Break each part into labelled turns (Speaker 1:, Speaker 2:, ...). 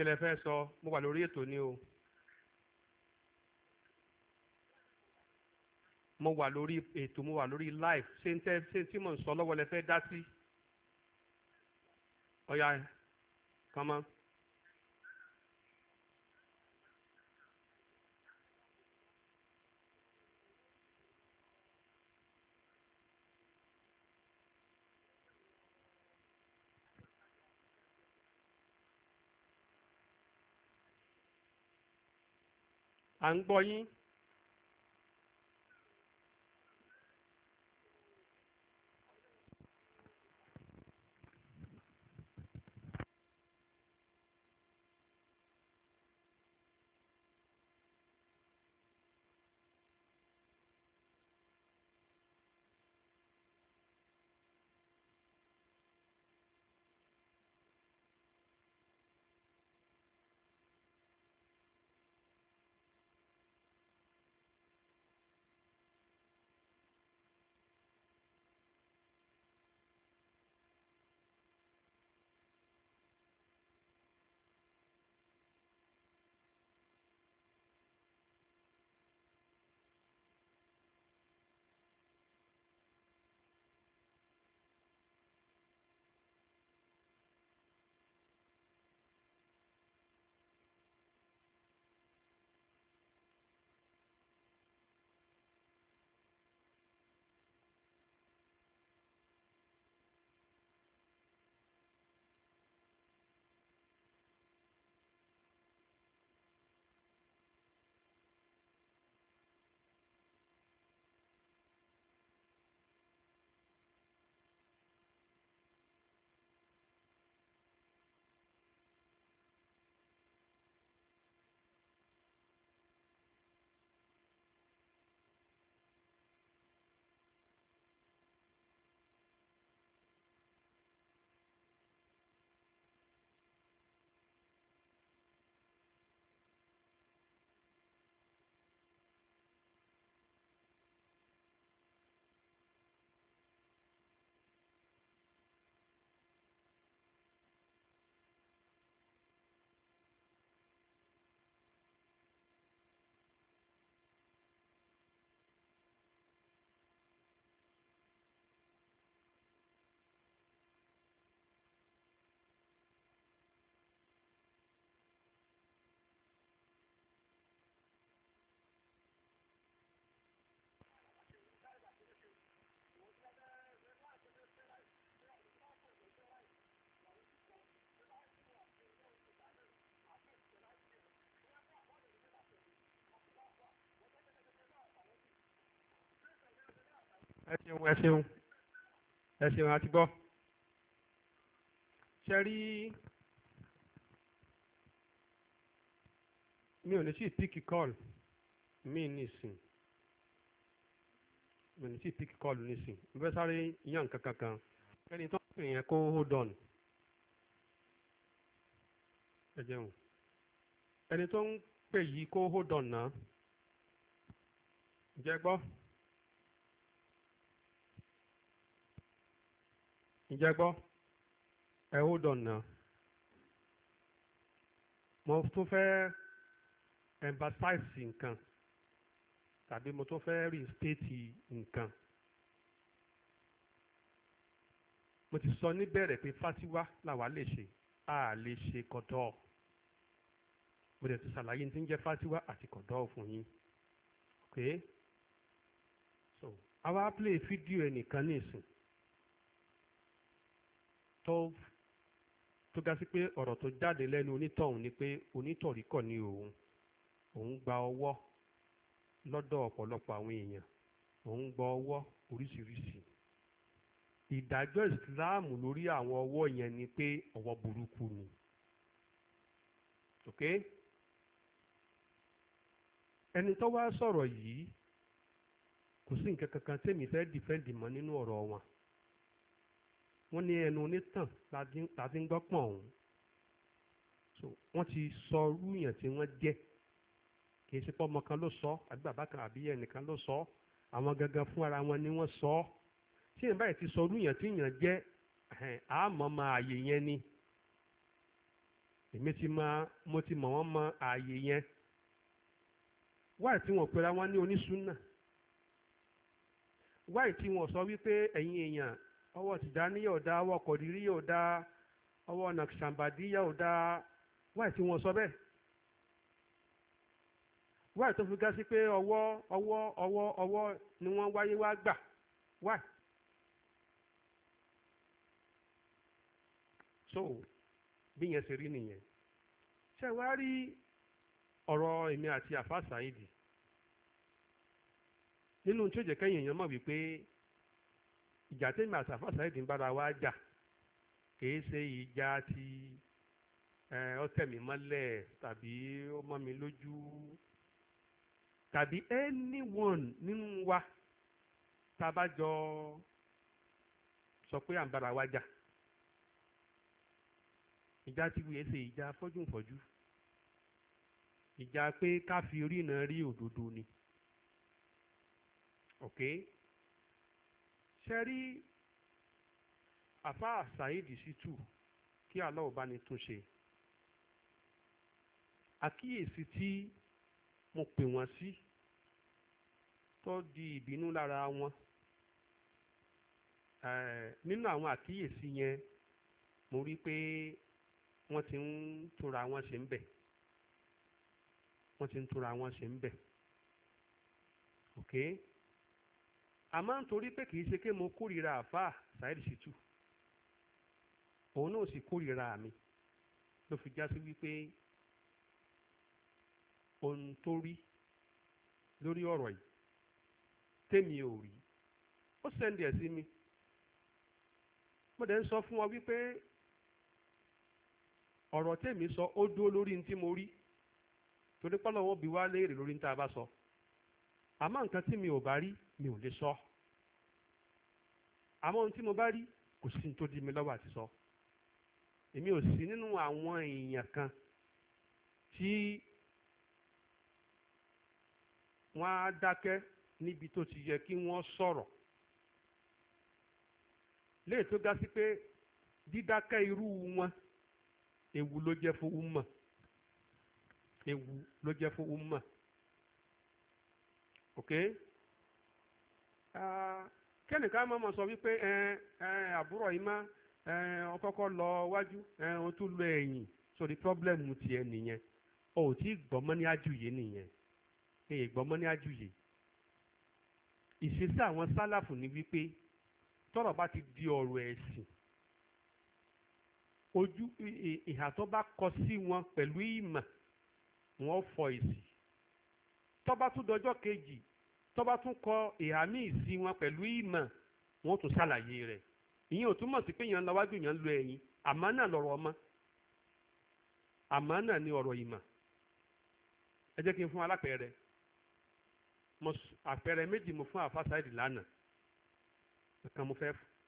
Speaker 1: kí lẹ fẹ́ sọ mo wà lórí ètò ni o mo wà lórí ètò mo wà lórí live ṣé ń tẹ́ ṣé tí mò ń sọ lọ́wọ́ lẹ fẹ́ dá sí ọ̀ya kàn à ń gbọ́ yín. ẹ ṣeun ẹ ṣeun ẹ ṣeun àti gbọ́ ṣe rí mi ò ní sí píkì kọ́ọ̀lù mi nìsín mi ò ní sí píkì kọ́ọ̀lù nìsín mo fẹ́ sáré yàn kankan kan ẹni tó ń pè yẹn kó hold on ẹ jẹun ẹni tó ń pè yìí kó hold on náà jẹ gbọ́. ǹjẹ́ gbọ́ ẹ ó dọ̀nà mo tún fẹ́ emphasize nǹkan tàbí mo tún fẹ́ restate nǹkan mo ti sọ níbẹ̀rẹ̀ pé fásiwá làwa lè ṣe a lè ṣe kọ̀dọ̀ mo dẹ̀ ti ṣàlàyé ní ti ń jẹ́ fásiwá àti kọ̀dọ̀ fún yín ok so àwa play fídíò ẹnìkan ní ìsìn tó tó ga sí pé ọ̀rọ̀ tó jáde lẹ́nu onítọ̀hún ni pé onítọ̀ríkọ̀ ni òun òun gba ọwọ́ lọ́dọ̀ ọ̀pọ̀lọpọ̀ àwọn èèyàn òun gba ọwọ́ oríṣiríṣi ìdájọ́ ìsìláàmù lórí àwọn ọwọ́ yẹn ni pé ọwọ́ burúkú ni ok ẹni tó wá sọ̀rọ̀ yìí kò sí nǹkan kankan tèmi fẹ́ dìfẹ́ǹdì mọ́ nínú ọ̀rọ̀ wọn wọ́n ní ẹnu onítàn láti ń gbọ́pọ̀n òun so wọ́n ti sọ rúyàn tí wọ́n jẹ́ kì í ṣe pé ọmọ kan ló sọ àbí bàbá kan àbí ẹnìkan ló sọ àwọn gangan fún ara wọn ni wọ́n sọ ọ́ tí èèyàn báyìí ti sọ rúyàn tí èèyàn jẹ́ àmọ́ mọ ààyè yẹn ni èmi ti máa mo ti mọ̀ wọ́n mọ ààyè yẹn wáyé tí wọ́n pera wọn ní onísùnà wáyé tí wọ́n sọ wípé ẹ̀yin èèyàn ọwọ́ yóò ọ̀dá ọwọ́ yóò ọ̀dá ọwọ́ yóò ọ̀dá wáì tí wọ́n sọ bẹ́ẹ̀ wáì tó fi ga sí pé ọwọ́ ọwọ́ ọwọ́ ọwọ́ ni wọ́n wáyé wá gbà wáì. so bí yẹn ṣe rí nìyẹn ṣe wá rí ọ̀rọ̀ èmi àti àfáà Saidi nínú tí ó jẹ́ kẹ́yìn èèyàn mọ̀ wípé ìjà tèmi àtàfà sáyẹ̀dì ń bára wa jà kìí ṣe ìjà ti ó tẹ̀ mí mọ́lẹ̀ tàbí ó mọ́ mi lójú tàbí anyone nínú wa tá a bá jọ sọ pé à ń bára wa jà ìjà tí wíyẹ ṣe ìjà fọ́júnfọ́jú ìjà pé ká orí náà rí òdodo ni. Okay? ṣẹ́rí àfáà Saheed Shittu kí aláwọ̀ bá ní túnṣe àkíyèsí tí mo pè wọ́n sí tó di ìbínú lára wọn nínú àwọn àkíyèsí yẹn mo rí pé wọ́n ti ń túnra wọn ṣe ń bẹ̀ wọ́n ti ń túnra wọn ṣe ń bẹ̀ okay àmọ́ nítorí pé kì í ṣe pé mo kórìíra àfáà Saheed Shittu òun náà sì kórìíra mi ló fi já sí wípé ohun tó rí lórí ọ̀rọ̀ yìí tèmi ò rí ó sẹ́ndì ẹ̀ sí mi mo dẹ̀ ń sọ fún ọ wípé ọ̀rọ̀ tèmi sọ ó dúró lórí ní tí mo rí torí pọ́lọ́wọ́ bí wá léèrè lórí ní tá a bá sọ àmọ́ nǹkan tí mi ò bá rí mi ò lè sọ àmọ́ ohun tí mo bá rí kò sí ní tó di mi lọ́wọ́ àti sọ èmi ò sí nínú àwọn èèyàn kan tí wọ́n á dákẹ́ níbi tó ti yẹ kí wọ́n sọ̀rọ̀ léè tó ga sí pé dídákẹ́ irú wọn ewu ló jẹ́ fún umma ewu ló jẹ́ fún umma okay kẹ́nìkan mọ̀mọ́ sọ wípé àbúrò yìí má ọkọ́kọ́ lọ wájú ohun tó lọ ẹ̀yìn sórí pírọ́blẹ́mù tiẹ̀ nìyẹn o ò tí ì gbọ́mọ́ ní ajúyè nìyẹn èyí gbọ́mọ́ ní ajúyè ìṣesí àwọn sálàfù ni wípé tọ́rọ̀ bá ti di ọ̀rọ̀ ẹ̀sìn ojú ìhà tó bá kọ sí wọn pẹ̀lú ìmọ̀ wọn fọ èsì tó bá tún dọjọ́ kejì tó bá tún kọ ìhà míì sí wọn pẹ̀lú ìmọ̀ wọn tún ṣàlàyé rẹ̀ ìyẹn ò túmọ̀ sí pé èèyàn lọ́wájú èèyàn lu ẹ̀yìn àmánà lọ̀rọ̀ ọmọ àmánà ni ọ̀rọ̀ ìmọ̀ ẹ jẹ́ kí n fún alápẹ̀rẹ àpẹẹrẹ méjì mo fún àfáṣáìdì lánàá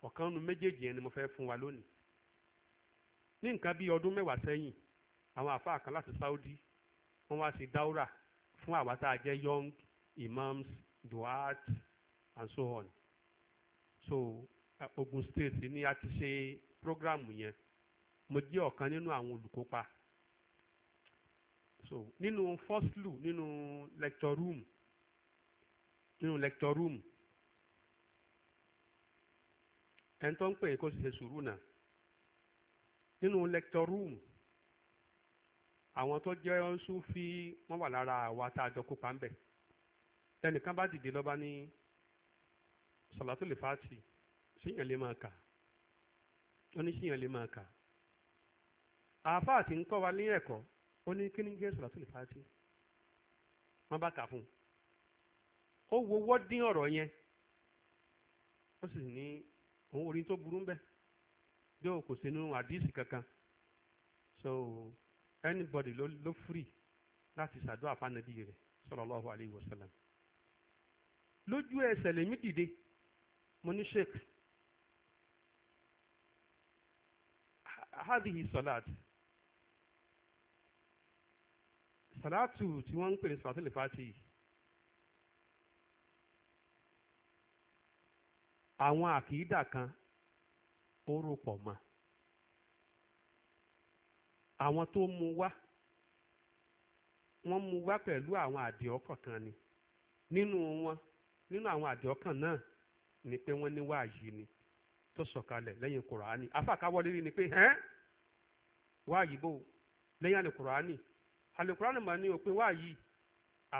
Speaker 1: ọ̀kan nu méjèèjì yẹn ni mo fẹ́ fún wa lónìí ní nǹkan bíi ọdún mẹ́wàá sẹ́yìn àwọn àfáà kan láti Saudi wọ́n wá sí dáúrà fún àwa tá a jẹ́ young imams duat and so on so uh, Ogun State ni a ti ṣe programu yẹn mo jẹ́ ọ̀kan nínú àwọn olùkópa so nínú foslu nínú lecture room nínú lecture room ẹni tó ń pè é kó sì ṣe sùúrù náà nínú lecture room àwọn tó jẹ́ Sufi wọ́n wà lára àwa tá a jọ kópa ń bẹ̀ tẹnìkan bá dìde lọ́ba ní sọ̀látò lè fàátì síyàn lè máa kà ó ní síyàn lè máa kà àáfàá àti ń kọ́ wa ní ẹ̀kọ́ ó ní kí ni jẹ́ sọ̀látò lè fàátì wọ́n bá kà fún un ó wo wọ́dín ọ̀rọ̀ yẹn ó sì ní òun orin tó burú ń bẹ yóò kò sínú àdíìsì kankan so anybody ló free láti ṣàdúrà fánàbí rẹ̀ sallallahu alayhi wa sallam lójú ẹsẹ̀ lèmi dìde mo ní sheik hadihi salat salatu tí wọ́n ń pè ní salatul fati àwọn àkìídà kan ó rò pọ̀ mọ́ àwọn tó mú wá wọ́n mú wá pẹ̀lú àwọn àdìọ́ kọ̀ọ̀kan ni nínú wọn nínú àwọn àdìọ́kàn náà ni pé wọ́n ní wáàyí ni tó sọ̀kalẹ̀ lẹ́yìn kùránì afáàkáwọlé rí ni pé ẹ́ wáàyí bò lẹ́yìn àlùkùránì àlùkùránì mà ní òpin wáàyí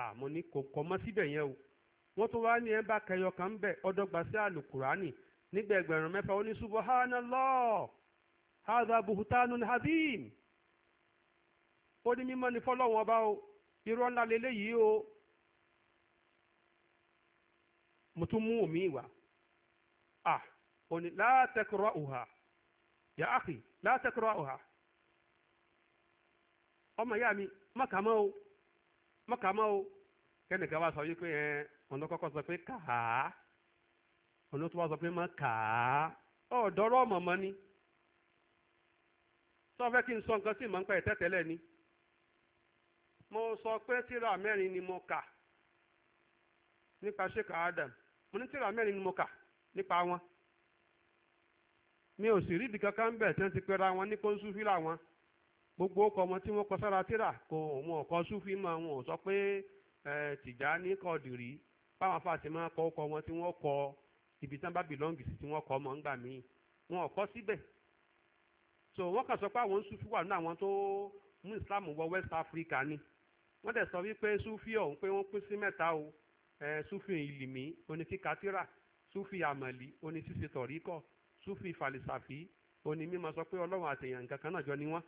Speaker 1: àmọ́ ní kò kọ́ mọ́ síbẹ̀ yẹn o wọ́n tó wá ní ẹ bá kẹyọ kan ń bẹ̀ ọdọ́gba sí nígbà ẹgbẹ̀rún mẹ́fà ó ní ọba o irọ́ ńlá o mo tún mú omi ìwà à ò ní látẹkọrọ òhà yà á kì látẹkọrọ òhà ọmọ ìyá mi mọ̀kàmọ́ o mọ̀kàmọ́ o kẹ́nìkan wá sọ wípé ẹ ọ̀nà kọ́kọ́ sọ pé kàá ọ̀nà tó wá sọ pé má kàá ọ̀dọ́rọ̀ ọ̀mọ̀mọ́ ni tó fẹ́ kí n sọ nǹkan sí ìmọ̀ nípa ni mo sọ pé tírà mẹ́rin ni mo kà nípa ṣèkà Adam mo ní tírà mẹ́rin ni mo kà nípa wọn mi ò sì rídìí kankan ń bẹ̀ tí wọ́n ti pera wọn ní kó ń súfì làwọn gbogbo ọkọ̀ wọn tí wọ́n kọ sára tírà kò wọn ò kọ súfì mọ́ wọn ò sọ pé Tìjàní Kọ̀dìrí báwọn afáàtì máa kọ ọkọ̀ wọn tí wọ́n kọ ibi tí wọ́n bá bìlọ́ǹgì sí tí wọ́n kọ ọmọ ńgbà míì wọn ò kọ síbẹ̀ so wọ́n kàn sọ pé àwọn súfì wà nínú àwọn tó mú Islam wọ West Africa ni wọ́n dẹ̀ sọ wípé súfì ọ̀hún pé wọ́n pín sí mẹ́ta o sufi ìlìmí oní kíka tírà sufi àmàlí oni ṣíṣe tọ̀ríkọ̀ sufi fàlìsàfí oní mímọ sọ pé ọlọ́run àtẹ̀yàn nǹkan kan náà jọ ni wọ́n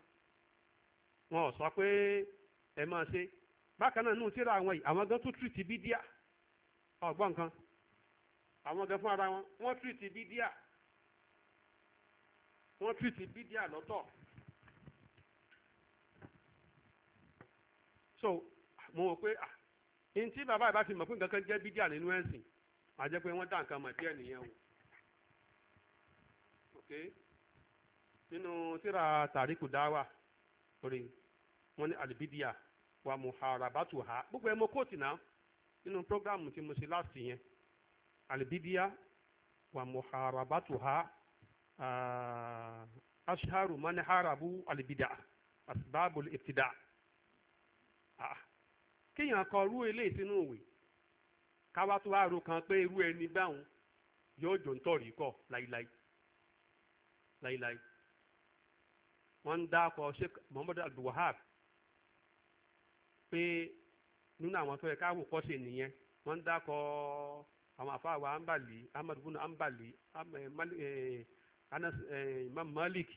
Speaker 1: wọn ò sọ pé ẹ máa ṣe bákan náà nù tírà àwọn yìí àwọn gan tún tìrìtì bídíà ọ̀gbọ́n kan àwọn gan fún ara wọn wọ́n tìrìtì bídíà wọ́n tìrìtì bídíà lọ́tọ̀ so mo rò pé ah ní tí ìbá fi mọ̀ pé nǹkan jẹ́ bídíà nínú ẹ̀sìn a jẹ́ pé wọ́n dá nǹkan mọ̀ díẹ̀ nìyẹn o ok nínú tíra tàríkù dáwà orí wọn ní àlìbídíà wà ha gbogbo ẹ mọ kóòtù náà nínú prógrámù tí mo ṣe láti yẹn àlìbídíà wà muharabatu ha asharu man harabu àlìbídà asbabul ibtida ah kéèyàn kọ irú eléyìí sínú ìwé káwá tó wá ro kan pé irú ẹni báwọn yóò jò ń tọ̀rí kọ̀ láíláí láíláí wọ́n ń dákọ Sheikh Muhammad Abdulwahab pé nínú àwọn tó yẹ káwò kọ́ṣe nìyẹn wọ́n ń dákọ àwọn àfáàwà ambali ahmad bunu ambali eh, eh, anas eh, imam malik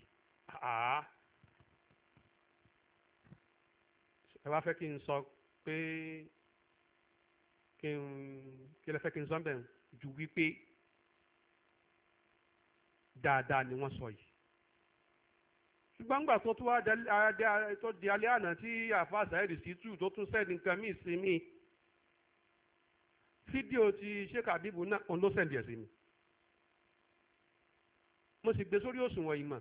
Speaker 1: ẹ wá fẹ́ kí n sọ pé kí n kí lè fẹ́ kí n sọ́ńbẹ̀ ju wípé dáadáa ni wọ́n sọ yìí ṣùgbọ́n gbà tó tún wá tó di alẹ́ àná tí àfa Saheed Shittu tó tún sẹ́ni nǹkan míì sí mi fídíò ti Sheikh Habibu náà òun ló sẹ̀ǹdì ẹ̀ sí mi mo sì gbé sórí òṣùwọ̀n ìmọ̀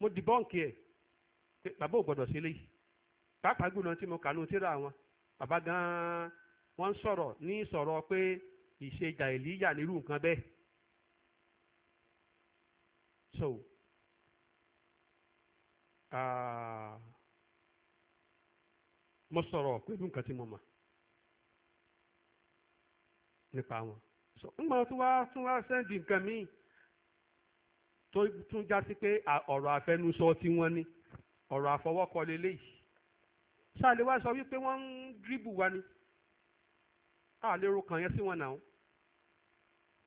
Speaker 1: mo dìbọ́ǹkì ẹ̀ bàbá gbọ́dọ̀ sí eléyìí pàápàá gbọ́dọ̀ tí mo kà ló tíra wọn bàbá gan-an wọ́n sọ̀rọ̀ ní sọ̀rọ̀ pé ìṣe nírú nǹkan bẹ́ẹ̀. so ah, mo sọ̀rọ̀ pẹ̀lú nǹkan mo mọ̀ nípa wọn. so tí wàá tún nǹkan míì tó tún já sí pé ọ̀rọ̀ àfẹnusọ tí wọ́n ṣáàlè wá sọ wípé wọ́n ń dírìbù wa ni àlérò kàn yẹn sí wọn náà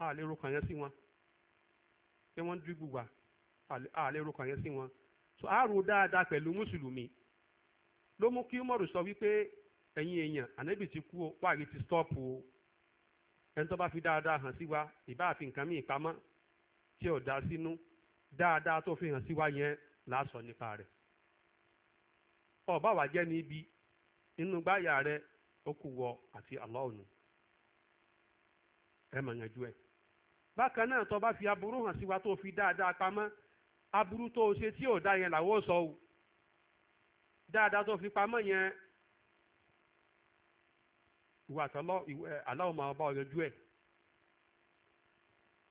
Speaker 1: àlérò kàn yẹn sí wọn pé wọ́n ń dírìbù wa àlérò kàn yẹn sí wọn so àárò dáadáa pẹ̀lú mùsùlùmí ló mú kí Umaru sọ wípé ẹ̀yin èèyàn ànábì ti kú o wáàrí ti stọ́ọ̀pù o ẹni tó bá fi dáadáa hàn sí wa ìbá àfi nǹkan míì pamọ́ tí ò dá sínú dáadáa tó fi hàn sí wa yẹn làásọ nípa rẹ̀. ọba wà jẹ́ ní ibi inú gbáyà rẹ ó kù wọ àti àlọ́ọ̀nù ẹ mọ̀ yanjú ẹ̀. bákan náà tó fi aburú hàn sí wa tó fi dáadáa pamọ́ aburú tó o ṣe tí ò dá yẹn làwọn ò sọ o dáadáa tó fi pamọ́ yẹn ìwà àtọ́lọ́ aláwọ̀ máa bá ọ yanjú ẹ̀.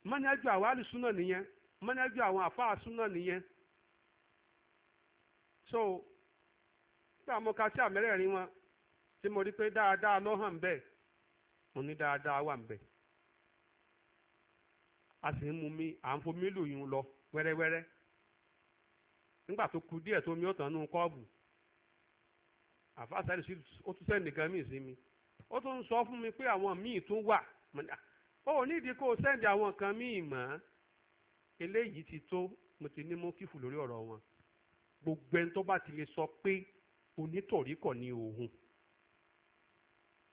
Speaker 1: mọ́nájú àwọn alùsùn náà nìyẹn mọ́nájú àwọn àfáà sùn náà nìyẹn. so gbà mo ka sí àmẹ́rẹ̀ẹ̀rin wọn tí mo rí pé dáadáa ló hàn bẹ́ẹ̀ mo ní dáadáa wà ń bẹ̀ a sì ń mu mi à ń fomi lòyún lọ wẹ́rẹ́wẹ́rẹ́ nígbà tó ku díẹ̀ tó mi ó tàn nù kọ́ọ̀bù àfàsàrì sí ó tún sẹ́ǹdì míì sí mi ó tún sọ fún mi pé àwọn míì tún wà ó nídìí kó o sẹ́ǹdì àwọn kan míì mọ́ eléyìí ti tó mo ti ní mú kífù lórí ọ̀rọ̀ wọn gbogbo ẹni tó bá ti lè sọ pé onítọ̀ríkọ̀ ni òun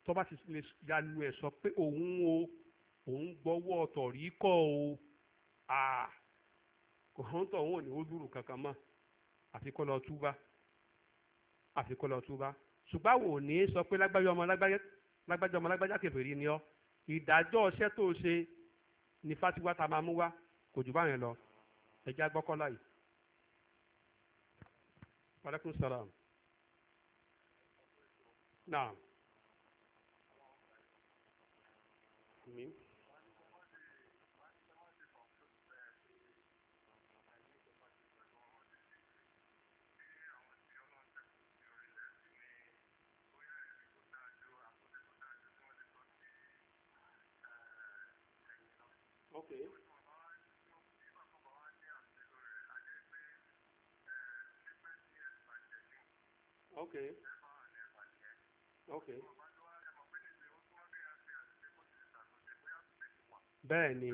Speaker 1: tọ́ba ti lè yanu ẹ̀ sọ pé òun o òun gbọ́wọ́ tọ̀ríkọ̀ o kò hàn tó òun ò ní ojúrù kankan mọ́ àfi kọ́ lọ túbá àfi kọ́ lọ túbá ṣùgbọ́n àwọn ò ní sọ pé lágbájá ọmọ lágbájá ọmọ lágbájá kèfèrí ni ọ́ ìdájọ́ ọṣẹ́ tó ṣe ni fatiwa ta máa mú wá kò jù báyẹn lọ ẹ̀já gbọ́kọ́ láyìí. Wa alaikum نعم مين okay. bẹ́ẹ̀ni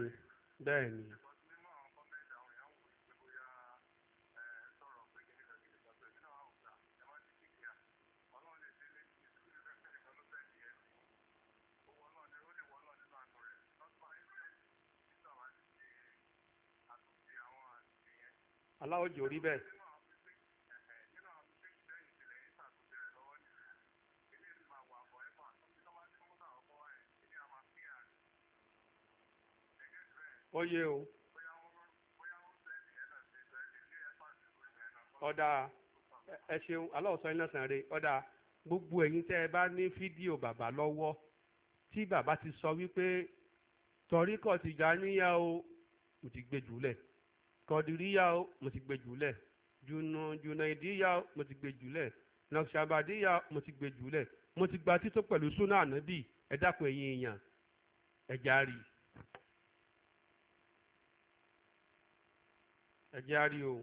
Speaker 1: bẹ́ẹ̀ni. aláwọ̀ jòrí bẹ́ẹ̀. ó o ọ̀dà ẹ ṣeun aláwọ̀sọ iná sàn rè ọ̀dà gbogbo ẹ̀yin tẹ́ ẹ bá ní fídíò bàbá lọ́wọ́ tí bàbá ti sọ wípé tọ̀ríkọ̀ Tìjàníyà o mo ti gbé jùlẹ̀ kọ̀dìríyà o mo ti gbé jùlẹ̀ jùnàìdíyà o mo ti gbé jùlẹ̀ nàṣàbàdíyà mo ti gbé jùlẹ̀ mo ti gba tító pẹ̀lú súnà ànábì ẹ dákun èèyàn ẹ̀já rí ẹ̀jẹ̀ á rí o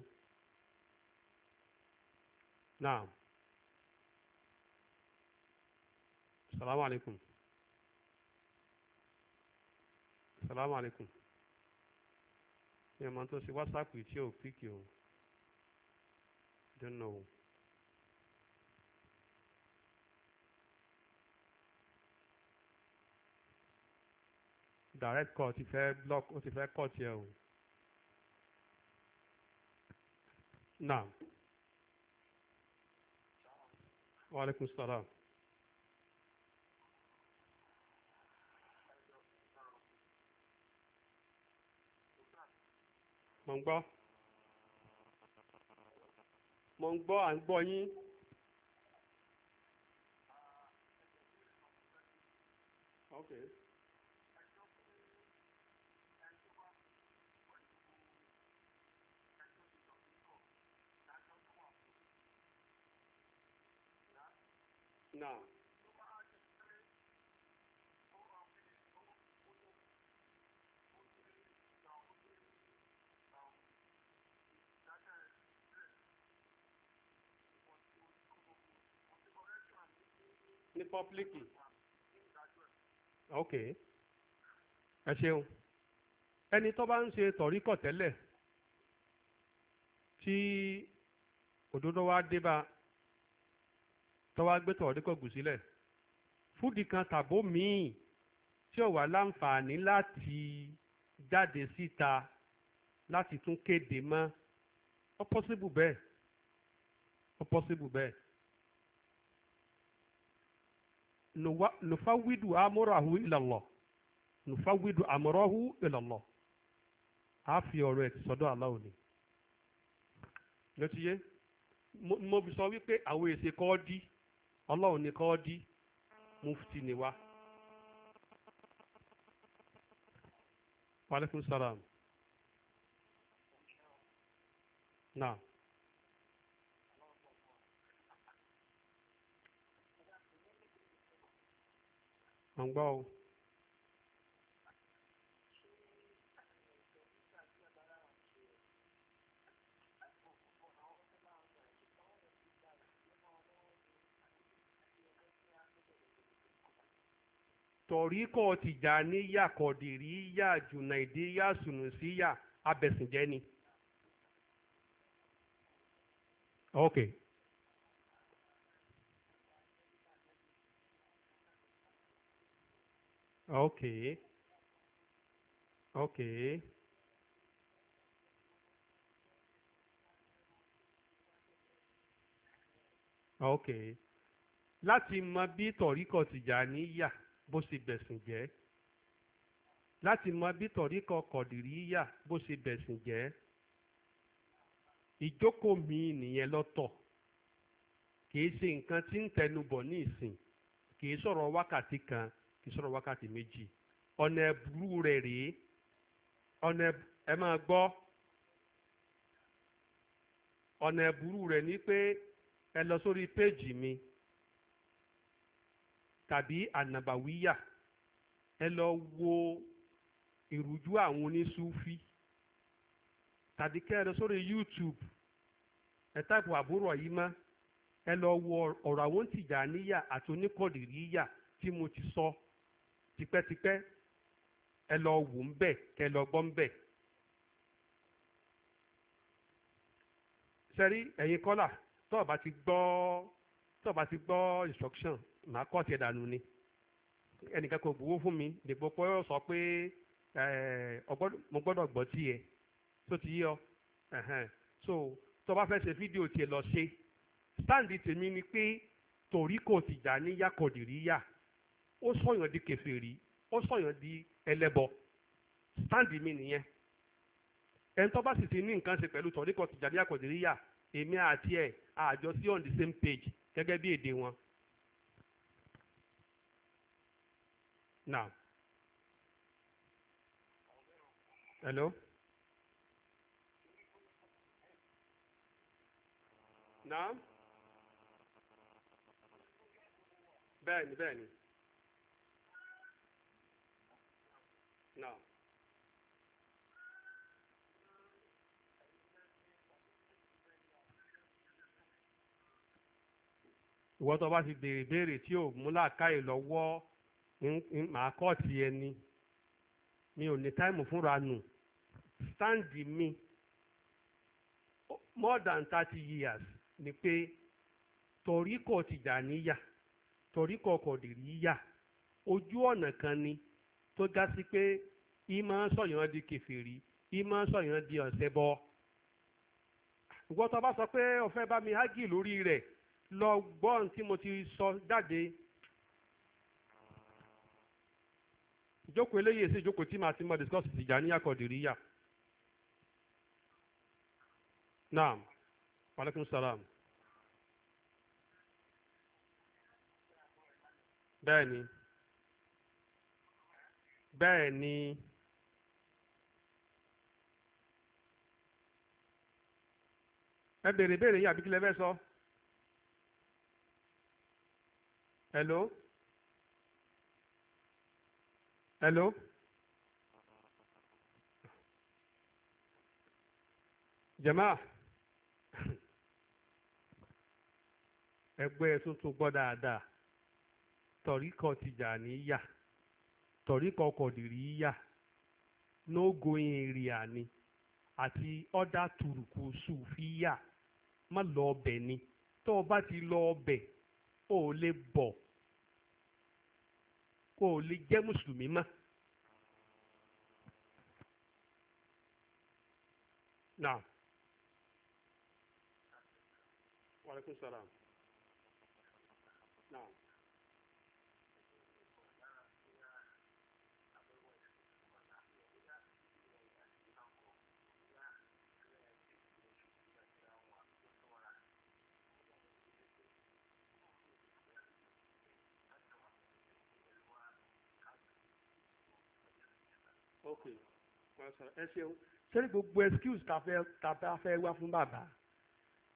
Speaker 1: naam salamu alaikum salamu alaikum ní ọmọ tó ṣe wásáàpù tí ò píkì o don't know. direct call ti fẹ́ block o ti fẹ́ kọ́ tiẹ̀ o. نعم وعليكم السلام mo ń gbọ́ mo ń gbọ́ à ń gbọ́ yín. náà. ní pọ́blíkì. ok ẹ ṣeun ẹni tó bá ń ṣe tọ̀ríkọ̀ tẹ́lẹ̀ tí òdodo wa dé tọ́wá gbé tọ̀ríkọ̀gù sílẹ̀ fúdì kan tàbó míì tí ò wá láǹfààní láti jáde síta láti tún kéde mọ́ ó pọ́síbù bẹ́ẹ̀ ó pọ́síbù bẹ́ẹ̀. nufawidu amúrahu ilallah nufawidu amúrahu ilallah a fi ọ̀rọ̀ ẹ̀ ti sọ́dọ̀ Allah ni lọ́tíyé mo fi sọ wípé àwọn èsè kọ́ dí ọlọ́run ní kọ́ dí mufti ni wá. Wàlékún sàràm. Náà. Àǹgbá o. tọ̀ríkọ̀ tìjàníyà kọ̀dìríyà jùnàìdíyà sùnùsíyà abẹ̀sìnjẹ́ ni. ok ok ok ok láti mọ bí tọ̀ríkọ̀ tìjàníyà. bó ṣe bẹ̀sìn jẹ́ láti mọ bí tọ̀ríkọ kọ̀dìríyà bó ṣe bẹ̀sìn jẹ́ ìjókòó mi nìyẹn lọ́tọ̀ kìí ṣe nǹkan tí ń tẹnubọ̀ ní ìsìn kìí sọ̀rọ̀ wákàtí kan kìí sọ̀rọ̀ wákàtí méjì ọ̀nà ẹ̀bùrú rẹ̀ rèé ẹ máa gbọ́ ọ̀nà ẹ̀bùrú rẹ̀ ni mi. tàbí ànàbàwíyà ẹ lọ wo ìrújú àwọn onísúfí tàbí kẹ́ sórí YouTube ẹ táìpù àbúrò yìí mọ́ ẹ lọ wo ọ̀rọ̀ àwọn tìjàníyà àti oníkọ̀dìríyà tí mo ti sọ tipẹ́tipẹ́ ẹ lọ wò ń bẹ̀ kẹ́ lọ gbọ́ bẹ̀. sẹ́rí ẹ̀yin kọ́là tó ti gbọ́ tó ti gbọ́ instruction màá kọ́ tiẹ̀ dànù ni ẹnìkan kò gbowó fún mi dèpò pé ó sọ pé mo gbọ́dọ̀ gbọ́ tiẹ̀ tó ti yé ọ so tó bá fẹ́ ṣe fídíò tiẹ̀ lọ ṣe sáǹdì tèmi ni pé torí kò tìjà níyà kò dìrí yà ó sọ̀yàn di kèfèrí ó sọ̀yàn di ẹlẹ́bọ sáǹdì mi nìyẹn ẹni tó bá sì ti ní nǹkan ṣe pẹ̀lú torí kò tìjà níyà kò dìrí èmi àti ẹ̀ àjọ sí on the same page gẹ́gẹ́ bí èdè wọn Now. Hello? Now? Bẹ́ẹ̀ni, bẹ́ẹ̀ni. Now. ìwọ́n tó bá ti béèrè béèrè tí ò mú làákàyè lọ́wọ́ màá kọ́ọ̀tì ẹni mi ò ní táìmù fúnra nù sítáǹdì mi more than thirty years ni pé tọ̀ríkọ̀ Tìjàníyà tọ̀ríkọ̀ yà ojú ọ̀nà kan ni tó já sí pé í ìmọ̀ sọ̀yàn di kèfèrí ìmọ̀ sọ̀yàn di ọ̀sẹ̀bọ. ìwọ́n tó bá sọ pé o fẹ́ bá mi hágì lórí rẹ̀ lọ gbọ́n tí mo ti sọ jáde ìjókòó eléyìí èsì ìjókòó tí màá ti mọ discuss Tìjàníyà Kọ̀dìríyà naam waaleykum salaam bẹ́ẹ̀ni bẹ́ẹ̀ni ẹ béèrè béèrè yín àbí kí lẹ fẹ́ sọ hello. hello jama ẹgbẹ́ ẹ̀sùn tuntun gbọ́ dáadáa tọ̀ríkọ̀ Tìjàníyà tọ̀ríkọ̀ Kọ̀dìríyà nógoyin ìrìà ni àti ọ́dà tùrùkù yà má lọ ọbẹ̀ ni tó o bá ti lọ ọbẹ̀ o ò lè bọ̀ o ò lè jẹ́ mùsùlùmí mọ́. Naam. Wa alaikum ok ẹ ṣeun sẹ́ni gbogbo excuse tàbá fẹ́ wá fún bàbá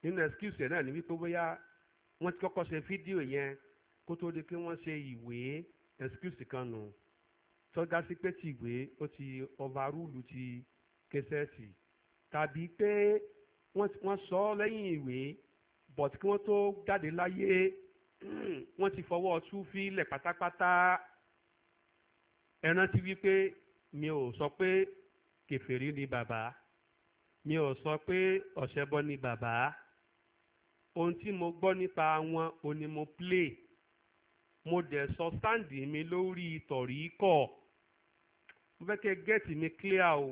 Speaker 1: nínú excuse yẹn náà ni wípé bóyá wọ́n ti kọ́kọ́ ṣe fídíò yẹn kó tó di pé wọ́n ṣe ìwé excuse kan nù tọ́gá sí pé ti ìwé ó ti overrule ti kẹsẹ́ẹ̀tì tàbí pé wọ́n sọ ọ́ lẹ́yìn ìwé but kí wọ́n tó jáde láyé wọ́n ti fọwọ́ tú fílẹ̀ pátápátá ẹ̀rántí wípé mi ò sọ pé kèfèrí ni bàbá mi ò sọ pé ọ̀ṣẹbọ ni bàbá ohun tí mo gbọ́ nípa wọn ò ní mo play mo dẹ̀ sọ sáǹdì mi lórí tọ̀rí kọ̀ mo fẹ́ kẹ́ gẹ́ẹ̀tì mi clear o.